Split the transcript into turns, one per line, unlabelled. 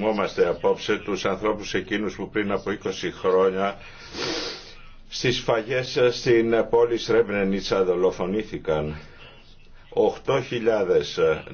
θυμόμαστε απόψε τους ανθρώπους εκείνους που πριν από 20 χρόνια στις φαγές στην πόλη Σρέμπνενιτσα δολοφονήθηκαν.
8.000